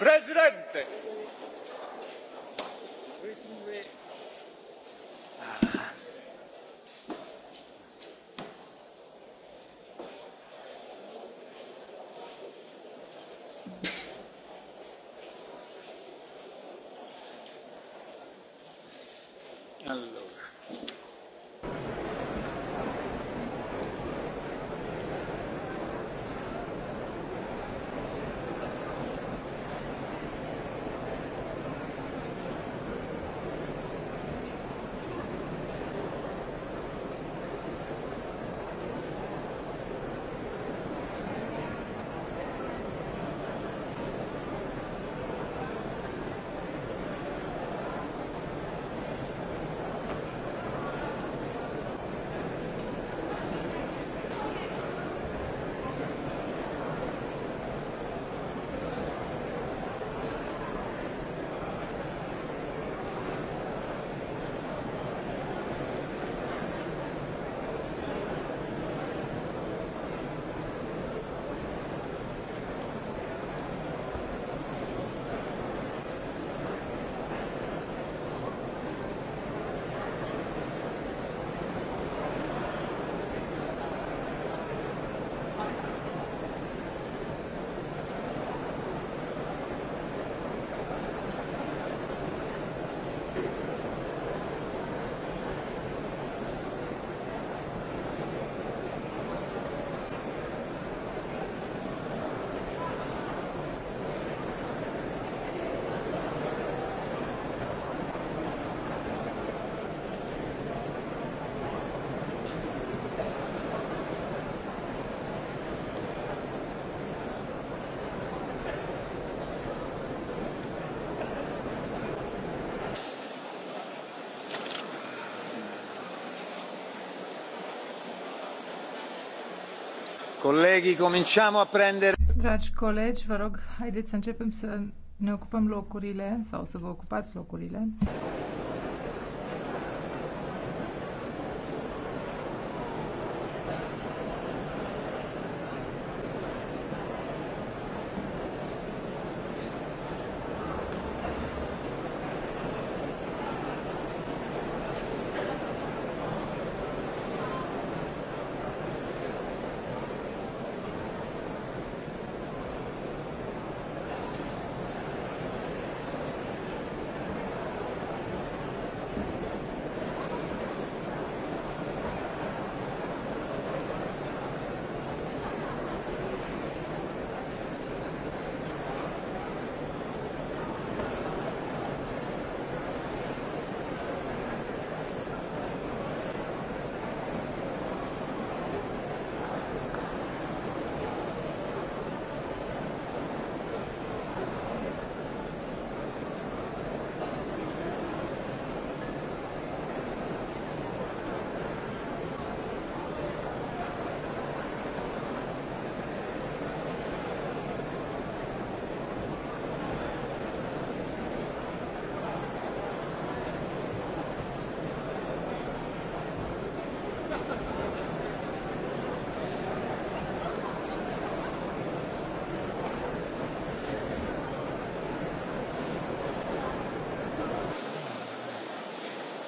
president! Dragi colegi, vă rog, haideți să începem să ne ocupăm locurile sau să vă ocupați locurile.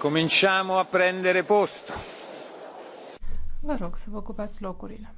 Cominciamo a prendere posto. Vă rog să vă ocupați locurile.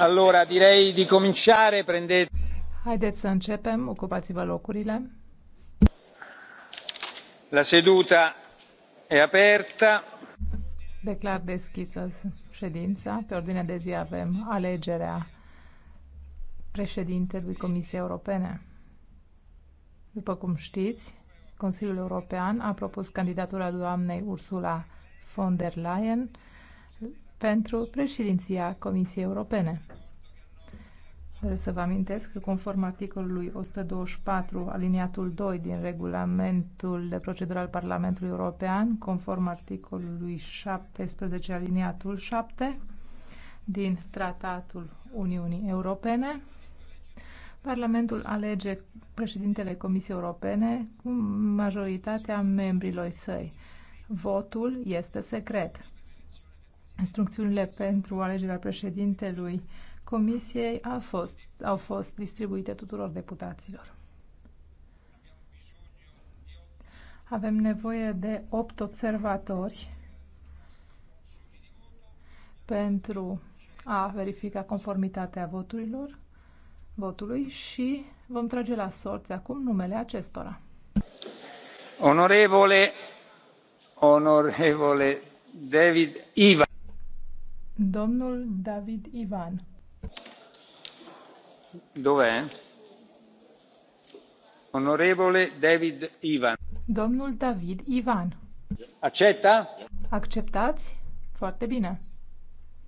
Allora, direi di cominciare, prendete... Haideți să începem, ocupați-vă locurile. La seduta e aperta. Declar deschisă ședința. Pe ordinea de zi avem alegerea președintelui Comisiei Europene. După cum știți, Consiliul European a propus candidatura doamnei Ursula von der Leyen pentru președinția Comisiei Europene. Vreau să vă amintesc că conform articolului 124 aliniatul 2 din regulamentul de procedură al Parlamentului European, conform articolului 17 aliniatul 7 din Tratatul Uniunii Europene, Parlamentul alege președintele Comisiei Europene cu majoritatea membrilor săi. Votul este secret. Instrucțiunile pentru alegerea președintelui Comisiei a fost, au fost distribuite tuturor deputaților. Avem nevoie de 8 observatori pentru a verifica conformitatea voturilor, votului și vom trage la sorți acum numele acestora. Onorevole, onorevole David Iva. Domnul David Ivan. Dov'è? Onorevole David Ivan. Domnul David Ivan. Accetta? Acceptați? Foarte bine.